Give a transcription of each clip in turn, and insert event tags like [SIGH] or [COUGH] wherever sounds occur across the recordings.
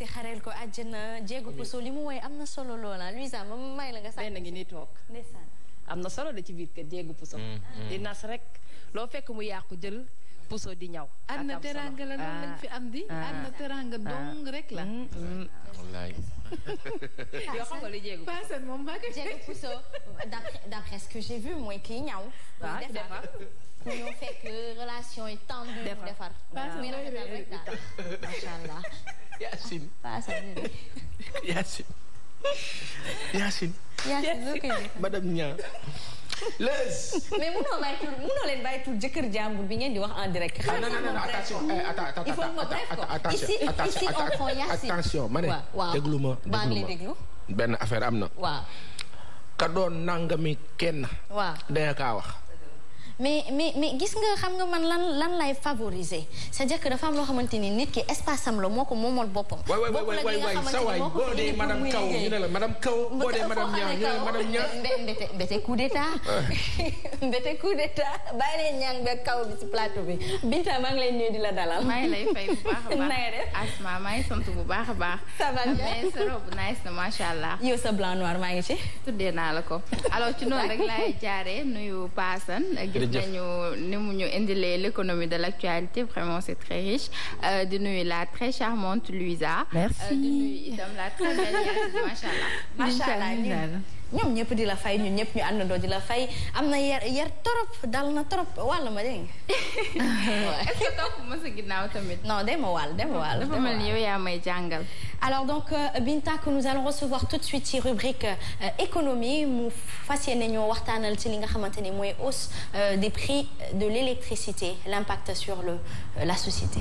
yëkkati xareel ko àjjana jéego ko soo li mu woy am na solo loola Luisa ma may la nga sax na ngi ni toog ndeysaan am na solo da ci biir kër jéegu puso mm, mm. di nas rek loo fekk mu yàqu jël puso di ñaw am na teranga la noonu lañ fi am di ah. am na teranga ah. dong rek la mm, wallaay [LAUGHS] li jéegu paasan moom maa ko jéegu puso d'après ce que j'ai mooy kii ñaw ah, muy defar ku ñëw fekk relation yi tendue defar mais rafetal rek daal macha allah Yacine. Yacine. Yacine. madame Niang. mais munoo bàyyi tur munoo jëkkër jàmbur bi ngeen di wax en direct. ah non ma bref ko attention ma ne. waaw déglu déglu benn affaire am na. ka doon nangami kenn. waaw danga kaa wax. mais mais mais gis nga xam nga man lan lan lay favoriser sa à dire que dafa am loo xamante ni nit ki espace am la moo ko moomal boppam. bokkul ak li nga xamante ni moo ko fi madame Kaw ñu ne la madame Kaw. boo dee madame Niang ñu ne la madame Niang. mbete mbete bi ci plateau bi di la dalal. maa ngi lay fay bu baax baax Asma maa ngi sant bu baax a baax. ça va na macha allah. yow sa maa ngi ci. tuddee naa la ko nuyu Paasan. nañu ni mu ñu indilee l'économie de l'actualité vraiment c'est très riche euh, di nuyu la très charmante Luisa. merci euh, di nuyu itam la très belle macha allah. macha allah ñoom ñëpp di la fay ñu ñëpp ñu àndandoo di la fay am na yar yar torop dal na torop walla ma dégg [LAUGHS] est-ce que topp ma sa ginnaaw tamit. non dem ma dem ma wàll. mel ni yow yaa may jàngal. alors donc euh, Binta que nous allons recevoir tout de suite ci rubrique euh, économie mu fas yéene ñoo waxtaanal ci li nga xamante ni mooy hausse euh, des prix de l'électricité l'impact sur le la société.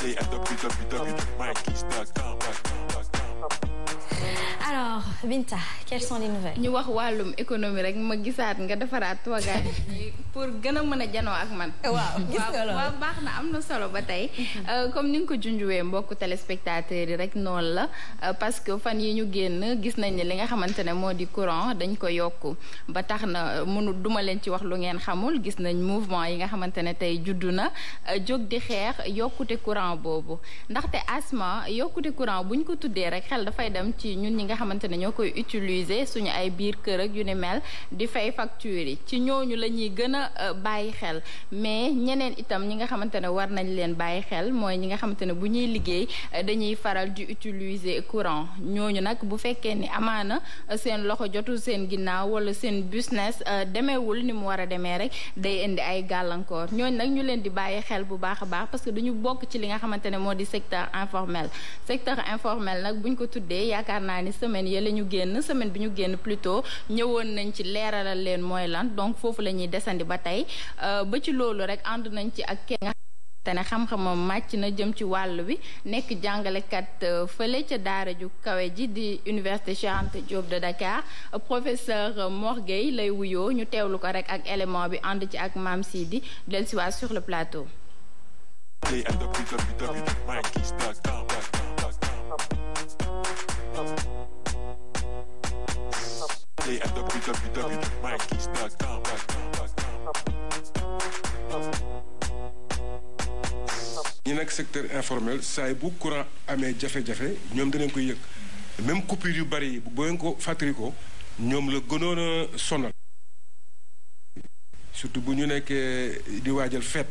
a Play at www.mikey's.com. alors Binta quelles ñu wax wàllum économie rek ma gisaat nga defaraat toogaay pour gën a mën a janoo ak man. waaw waaw baax na am na solo ba tey. Euh, comme ni nga ko junjuwee mbokku téléspectateurs yi rek noonu la euh, parce que fan yi ñu génn gis nañ ne li nga xamante ne moo di courant dañ ko yokk ba tax na euh, mënu duma leen ci wax lu ngeen xamul gis nañ mouvement yi nga xamante ne tey juddu na jóg di xeex yokkute courant boobu ndaxte asma yokkute courant buñ ko tud rek xamante ne ñoo koy utiliser suñu ay biir kër ak yu ni mel di fay factures yi ci ñooñu la ñuy gën a euh, bàyyi xel mais ñeneen itam ñi nga xamante ne war nañ leen bàyyi xel mooy ñi nga xamante ne bu ñuy liggéey euh, dañuy faral di utiliser courant ñooñu nag bu fekkee ni amaana euh, seen loxo jotul seen ginnaaw wala seen business demeewul ni mu war a demee rek day indi ay gàllankoor ñooñu nag ñu leen di bàyyi xel bu baax a baax parce que dañu bokk ci li nga xamante ne moo di secteur informel secteur informel nag buñ ko tuddee yaakaar naa ni semaine yële ñu génn semaine bi ñu génn plutôt ñëwoon nañ ci leeralal leen mooy lan donc foofu lañuy ñuy desandi ba tey euh, ba ci loolu rek ànd nañ ci ak kenn te ne xam-xamam màcc na jëm ci wàll wi nekk jàngalekat euh, fële ca daara ju kawe ji di université Cheikh Anta Diop de Dakar professeur euh, Mor Gueye lay wuyoo ñu teewlu ko rek ak élément bi ànd ci ak Mame di dellusiwaat sur le plateau. Directly at www.mikeys.com. ñi nag secteur informel saay bu courant amee jafe-jafe ñoom danañ koy yëg même coupure yu bari yi boo ko fàttali ñoom la gënoon sonal. surtout bu ñu nekkee di waajal fête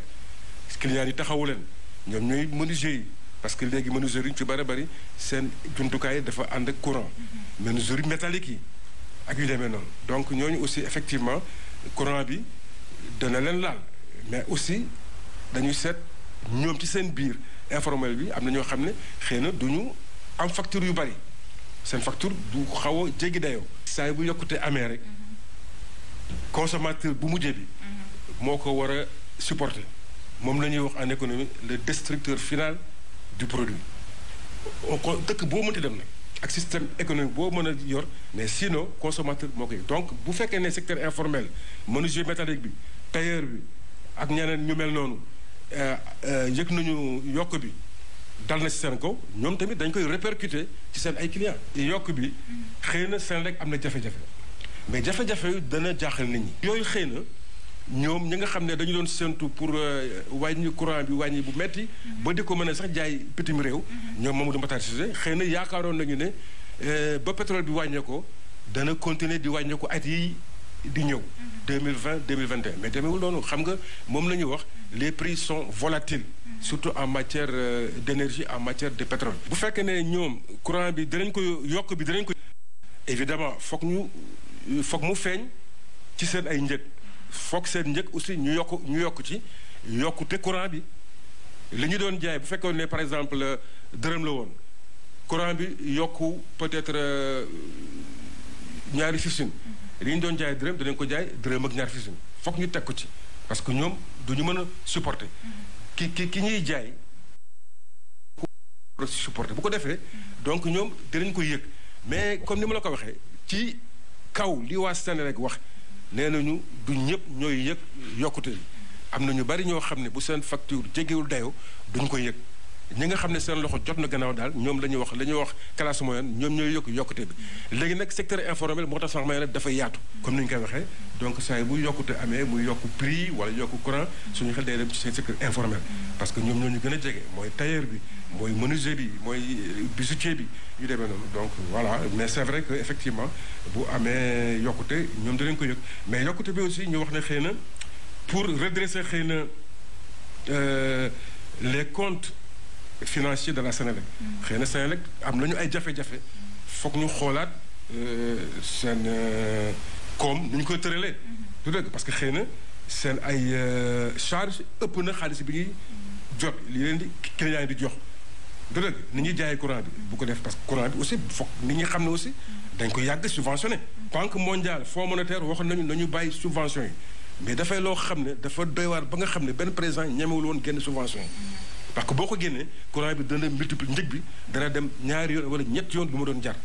clients yi taxawu leen ñoom ñooy menuisier yi parce que léegi menuisier yi ñu ci bari bari seen jumtukaay dafa ànd ak courant mm-hmm. menuisier yi yi. ak yu demee noonu donc ñooñu aussi effectivement courant bi dana leen laal mais aussi dañuy seet ñoom ci seen biir informel bi am na ñoo xam ne xëy na du ñu am facture yu bari seen facture du xaw a jéggi dayoo. saa bu yokkutee amee rek mhm. consommateur bu mujjee bi mhm. moo ko war a supporter moom la ñuy wax en économie le destructeur final du produit dëkk boo mënti dem nag. ak système économique boo mën a yor mais sinon consommateur moo koy donc bu fekkee ne secteur informel menuisier métallique bi tailleur bi ak ñeneen ñu mel noonu euh, euh, yëg nañu yokk bi dal na ci seen kaw ñoom tamit dañ koy répercuter ci seen ay clients yokk bi mm-hmm. xëy na seen rek am na jafe-jafe mais jafe-jafe yu dana jaaxal nit ñi yooyu xëy na ñoom ñi nga xam ne dañu doon séntu pour euh, wàññi courant bi wàññi bu metti mm-hmm. ba di ko mën a sax jaay pitim réew mm-hmm. ñoom Mamadou Matar Cissé xëy na yaakaaroon nañu ne euh, ba pétrole bi ko dana continuer di wàññeeku at yi di ñëw 2020 mm-hmm. 2021 mais demeewul noonu xam nga moom la ñuy wax les prix son volatiles surtout en matière euh, d'énergie en matière de pétrole bu fekkee ne ñoom courant bi danañ ko yokk bi danañ ko évidemment foog ñu foog mu feeñ ci seen ay njëg foog seen njëkk aussi ñu yokk ñu yokk ci yokkute courant bi li ñu doon jaay bu fekkoon ne par exemple euh, dërëm la woon courant bi yokk peut-être euh, ñaari fifteen li ñu doon jaay dërëm danañ ko jaay dërëm ak ñaari fifteen foog ñu teg ko ci parce que ñoom duñu mën a supporter ki ki ki ñuy jaay supporter bu ko defee donc ñoom dinañ ko yëg mais comme ni ma la ko waxee ci kaw li waa Sénélec wax nee nañu du ñëpp ñooy yëg yokkute am na ñu bari ñoo xam ne bu seen facture jegewul dayoo duñ ko yëg ñi nga xam ne seen loxo jot na gannaaw daal ñoom la wax la wax classe moyenne ñoom ñooy yokk yokkute bi léegi nag secteur informel moo tax sax may nag dafa yaatu comme ni ñu koy waxee donc saa yi bu yokkute yokk prix wala yokk courant suñu xel day dem ci seen parce que ñoom ñoo ñu gën a jege mooy tailleur bi mooy menuisier bi mooy bijoutier bi yu demee noonu donc voilà mais c'est vrai que effectivement bu amee yokkute ñoom dinañ ko yëg mais yokkute bi aussi ñu wax ne xëy na pour redresser xëy na euh, les comptes financier de la Sénélec. xëy na Sénélec am nañu ay jafe-jafe foog ñu xoolaat euh, seen euh, koom nu ñu koy tëralee. Mm-hmm. du dëgg parce que xëy na seen ay euh, charge ëpp na xaalis bi ñuy mm-hmm. jot li leen di client di jox. du dëgg ni ñuy jaayee courant bi bu ko def parce que courant bi aussi foog nit ñi xam ne aussi mm-hmm. dañ ko yàgg subventionné. Banque mondiale Fonds monétaire waxoon nañu na ñu bàyyi subvention yi mais dafay loo xam ne dafa doy waar ba nga xam ne benn président ñemewul woon génn subvention parce que boo ko génnee courant bi dana multiplier njëg bi dana dem ñaari yoon wala ñetti yoon bi ma doon jar.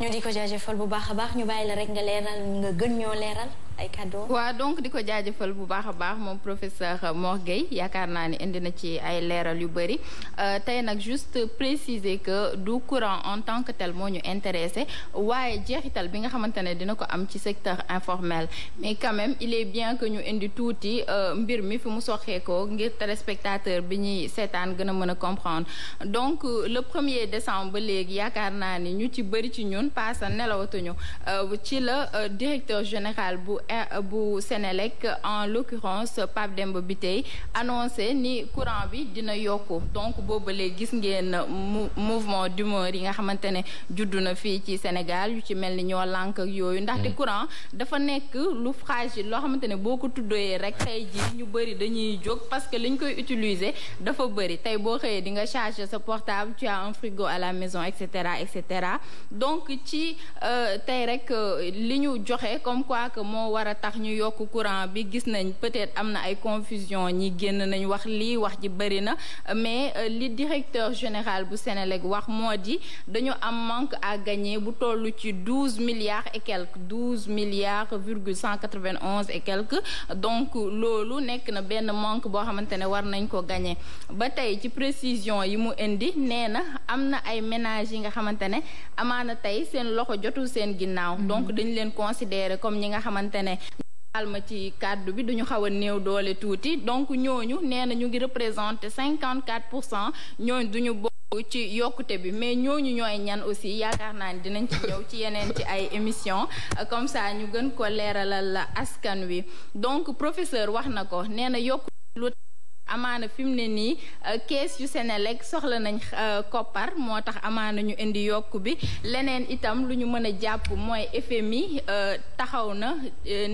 ñu di ko jaajëfal bu baax a baax ñu bàyyi la rek nga leeral nga gën ñoo leeral. ay cadeau. donc di ko jaajëfal bu baax a baax moom professeur Mor Gueye yaakaar naa ni indi na ci ay leeral yu bëri euh, tey nag juste préciser que du courant en tant que tell moo ñu intéressé waaye jeexital bi nga xamante ne dina ko am ci secteur informel mais quand même il est bien que ñu indi tuuti euh, mbir mi fi mu soxee ko ngir téléspectateur bi ñuy seetaan gën a mën a comprendre donc euh, le premier décembre ba léegi yaakaar naa ni ñu ci bëri ci ñun paasa nelawatuñu ci la Eh, bu Sénélec en l'occurrence Pape Demba Bitèye annoncé ni courant bi dina yokku donc boobalee gis ngeen mouvement d'humeur yi nga xamante ne juddu na fii ci Sénégal yu ci mel ni ñoo lànk ak yooyu ndaxte mm. courant dafa nekk lu fragile loo xamante ne boo ko tuddee rek tey jii ñu bëri dañuy jóg parce que liñ koy utiliser dafa bëri tey boo xëyee di nga charger sa portable ci en un frigo à la maison et cetera et cetera donc ci euh, tey rek euh, li ñu joxe comme quoi que moo war a tax ñu yokk courant bi gis nañ peut-être am na ay confusion ñi génn nañ wax lii wax ji bëri na mais euh, li directeur général bu Sénélec wax moo di dañu am manque à gagner bu toll ci douze milliards et quelques douze milliards virgule cent quatre-vingt-onze et quelques donc loolu nekk na benn manque boo xamante ne war nañ ko gagner ba tey ci précision yi mu indi nee na am na ay ménages yi nga xamante ne amaana tey seen loxo jotul seen ginnaaw mm-hmm. donc dañ leen considérer comme ñi nga xamante ne alma ci kàddu bi duñu xaw a néew doole tuuti donc ñooñu nee na ñu ngi représenté cinquante quatre pour cent ñooñu duñu bokk ci yokkute bi mais ñooñu ñooy ñan aussi yaakaar naa ni dinañ ci ñëw ci yeneen ci ay émission comme ça ñu gën ko leeralal la askan wi donc professeur wax na ko nee yokkute amaana fi mu ne nii euh, kees yu sene Senelec soxla nañ euh, koppar moo tax amaana ñu indi yokk bi leneen itam lu ñu mën a jàpp mooy FMI euh, taxaw na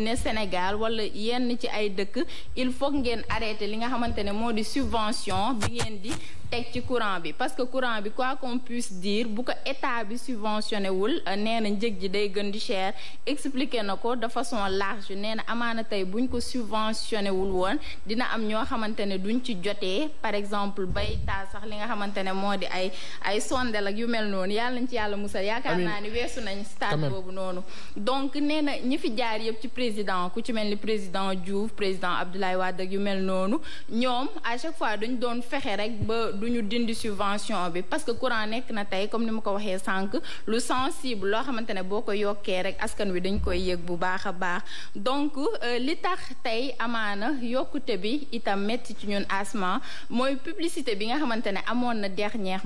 ne Sénégal wala yenn ci ay dëkk il faut ngeen arrêté li nga xamante ne moo di subvention bi ngeen di teg ci courant bi parce que courant bi quoi qu'on puisse dire bu ko état bi subventionné wul euh, nee na njëg ji day gën di cher expliqué na ko de façon large nee na amaana tey buñ ko subventionné wul woon dina am ñoo xamante ne duñ ci jotee par exemple bay taal sax li nga xamante ne moo di ay ay sondel ak yu mel noonu yàlla nañ ci yàlla musal yaakaar naa ni weesu nañ stade boobu noonu donc nee na ñi fi jaar yëpp ci président ku ci mel ni président Diouf président Abdoulaye Wade ak yu mel noonu ñoom à chaque fois lu ñu dindi subvention bi parce que courant nekk na tey comme ni ma ko waxee sànq lu sensible loo xamante ne boo ko yokkee rek askan wi dañ koy yëg bu baax a baax donc euh, li tax tey amaana yokkute bi itam métti ci ñun asma mooy publicité bi nga xamante ne amoon na dernière